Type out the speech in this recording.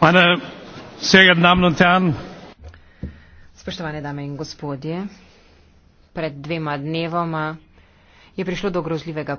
Meine sehr geehrten Damen und Herren, Spoštovane dame in gospodje, pred dvema dnevoma je prišlo do grozljivega